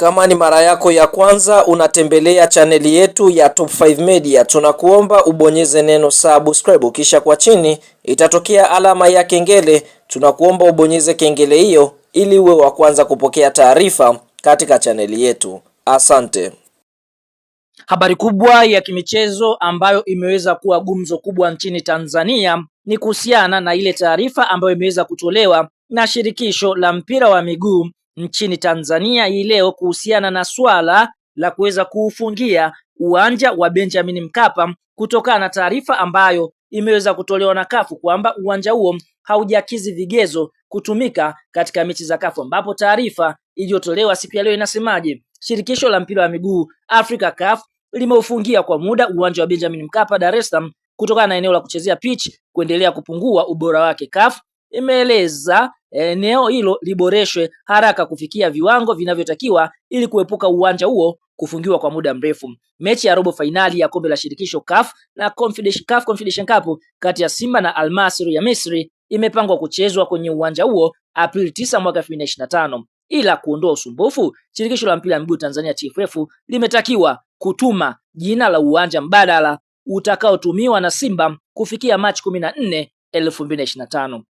Kama ni mara yako ya kwanza unatembelea chaneli yetu ya Top 5 Media, tunakuomba ubonyeze neno subscribe, kisha kwa chini itatokea alama ya kengele. Tunakuomba ubonyeze kengele hiyo ili uwe wa kwanza kupokea taarifa katika chaneli yetu. Asante. Habari kubwa ya kimichezo ambayo imeweza kuwa gumzo kubwa nchini Tanzania ni kuhusiana na ile taarifa ambayo imeweza kutolewa na shirikisho la mpira wa miguu nchini Tanzania hii leo kuhusiana na swala la kuweza kuufungia uwanja wa Benjamin Mkapa kutokana na taarifa ambayo imeweza kutolewa na kafu kwamba uwanja huo haujakizi vigezo kutumika katika mechi za kafu, ambapo taarifa iliyotolewa siku ya leo inasemaje? Shirikisho la mpira wa miguu Afrika CAF limeufungia kwa muda uwanja wa Benjamin Mkapa Dar es Salaam kutokana na eneo la kuchezea pitch kuendelea kupungua ubora wake. CAF imeeleza eh, eneo hilo liboreshwe haraka kufikia viwango vinavyotakiwa ili kuepuka uwanja huo kufungiwa kwa muda mrefu. Mechi ya robo fainali ya kombe la shirikisho CAF na CAF Confederation Cup kati ya Simba na Al Masry ya Misri imepangwa kuchezwa kwenye uwanja huo Aprili 9 mwaka 2025. Ila kuondoa usumbufu, shirikisho la mpira wa miguu Tanzania TFF limetakiwa kutuma jina la uwanja mbadala utakaotumiwa na Simba kufikia Machi 14, 2025.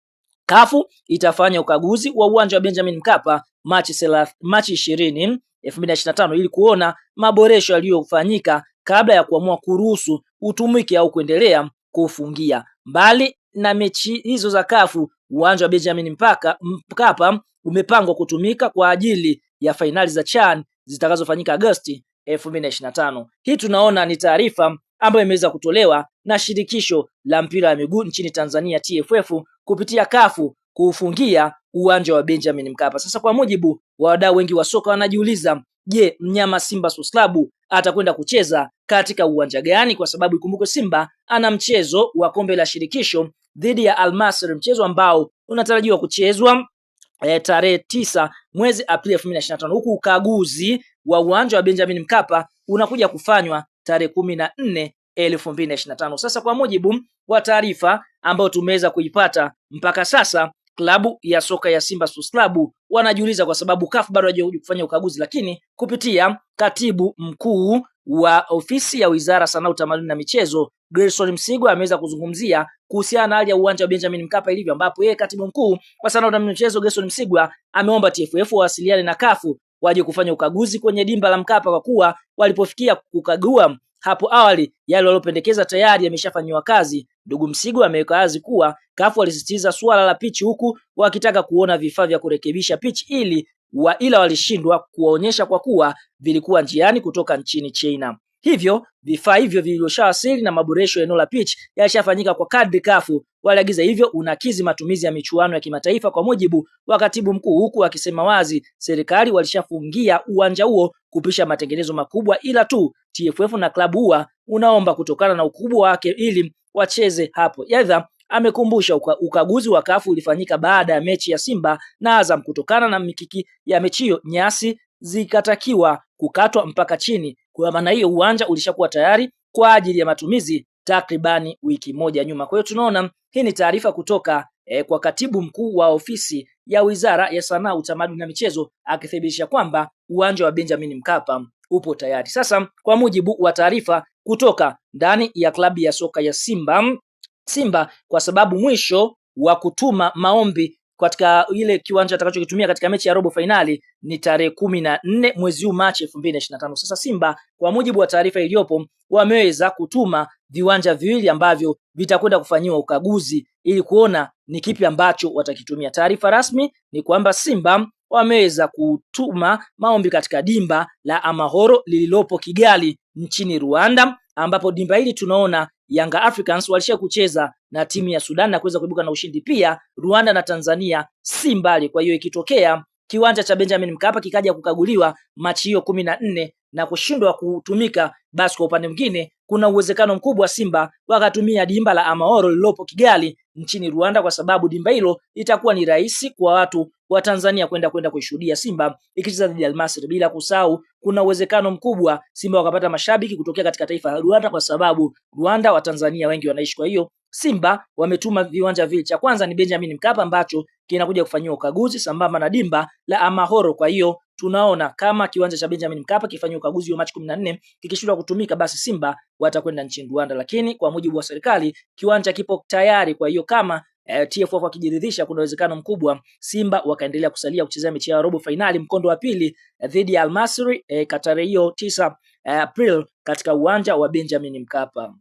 Kafu itafanya ukaguzi wa uwanja wa Benjamin Mkapa Machi Machi ishirini 2025 ili kuona maboresho yaliyofanyika kabla ya kuamua kuruhusu utumike au kuendelea kufungia. Mbali na mechi hizo za Kafu, uwanja wa Benjamin mpaka Mkapa umepangwa kutumika kwa ajili ya fainali za CHAN zitakazofanyika Agosti 2025. Hii tunaona ni taarifa ambayo imeweza kutolewa na shirikisho la mpira wa miguu nchini Tanzania TFF kupitia kafu kuufungia uwanja wa Benjamin Mkapa. Sasa kwa mujibu wa wadau wengi wa soka wanajiuliza, je, mnyama Simba Sports Club atakwenda kucheza katika uwanja gani? Kwa sababu ikumbukwe Simba ana mchezo wa kombe la shirikisho dhidi ya Almasri, mchezo ambao unatarajiwa kuchezwa E, tarehe tisa mwezi Aprili 2025 huku ukaguzi wa uwanja wa Benjamin Mkapa unakuja kufanywa tarehe kumi na nne elfu mbili na ishirini na tano. Sasa kwa mujibu wa taarifa ambayo tumeweza kuipata mpaka sasa, klabu ya soka ya Simba Sports Club wanajiuliza kwa sababu CAF bado hajaji kufanya ukaguzi, lakini kupitia katibu mkuu wa ofisi ya wizara sanaa, utamaduni na michezo Gerson Msigwa ameweza kuzungumzia kuhusiana na hali ya uwanja wa Benjamin Mkapa ilivyo, ambapo yeye katibu mkuu wa sanaa na michezo Gerson Msigwa ameomba TFF wawasiliane na CAF waje kufanya ukaguzi kwenye dimba la Mkapa, kwa kuwa walipofikia kukagua hapo awali yale waliopendekeza tayari yameshafanyiwa kazi. Ndugu Msigo ameweka wazi kuwa kafu walisisitiza suala la pichi, huku wakitaka kuona vifaa vya kurekebisha pichi ili wa ila walishindwa kuwaonyesha kwa kuwa vilikuwa njiani kutoka nchini China. Hivyo vifaa hivyo vilivyoshawasili na maboresho ya eneo la pitch yalishafanyika kwa kadri kafu waliagiza, hivyo unakizi matumizi ya michuano ya kimataifa, kwa mujibu wa katibu mkuu, huku akisema wazi serikali walishafungia uwanja huo kupisha matengenezo makubwa, ila tu TFF na klabu huwa unaomba kutokana na ukubwa wake ili wacheze hapo. Edha amekumbusha uka, ukaguzi wa kafu ulifanyika baada ya mechi ya Simba na Azam kutokana na mikiki ya mechi hiyo nyasi zikatakiwa kukatwa mpaka chini. Kwa maana hiyo uwanja ulishakuwa tayari kwa ajili ya matumizi takribani wiki moja nyuma. Kwa hiyo tunaona hii ni taarifa kutoka e, kwa katibu mkuu wa ofisi ya Wizara ya Sanaa, Utamaduni na Michezo akithibitisha kwamba uwanja wa Benjamin Mkapa upo tayari. Sasa kwa mujibu wa taarifa kutoka ndani ya klabu ya soka ya Simba Simba, kwa sababu mwisho wa kutuma maombi katika ile kiwanja atakachokitumia katika mechi ya robo fainali ni tarehe kumi na nne mwezi huu Machi elfu mbili na ishirini na tano. Sasa Simba kwa mujibu wa taarifa iliyopo, wameweza kutuma viwanja viwili ambavyo vitakwenda kufanyiwa ukaguzi ili kuona ni kipi ambacho watakitumia. Taarifa rasmi ni kwamba Simba wameweza kutuma maombi katika dimba la Amahoro lililopo Kigali nchini Rwanda, ambapo dimba hili tunaona Yanga Africans walishia kucheza na timu ya Sudan na kuweza kuibuka na ushindi. Pia Rwanda na Tanzania si mbali, kwa hiyo ikitokea kiwanja cha Benjamin Mkapa kikaja kukaguliwa machi hiyo kumi na nne na kushindwa kutumika, basi kwa upande mwingine kuna uwezekano mkubwa Simba wakatumia dimba la Amahoro lililopo Kigali nchini Rwanda, kwa sababu dimba hilo itakuwa ni rahisi kwa watu wa Tanzania kwenda kwenda kuishuhudia Simba ikicheza dhidi ya Almasri. Bila kusahau, kuna uwezekano mkubwa Simba wakapata mashabiki kutokea katika taifa la Rwanda, kwa sababu Rwanda Watanzania wengi wanaishi. Kwa hiyo Simba wametuma viwanja viwili, cha kwanza ni Benjamin Mkapa ambacho kinakuja kufanyiwa ukaguzi sambamba na dimba la Amahoro. Kwa hiyo tunaona kama kiwanja cha Benjamin Mkapa kifanyiwa ukaguzi wa Machi 14 kikishindwa kutumika, basi Simba watakwenda nchini Rwanda, lakini kwa mujibu wa serikali kiwanja kipo tayari. Kwa hiyo kama eh, TFF wakijiridhisha, kuna uwezekano mkubwa Simba wakaendelea kusalia kuchezea mechi ya robo fainali mkondo wa pili eh, dhidi ya Almasri eh, katarehe hiyo 9 eh, April katika uwanja wa Benjamin Mkapa.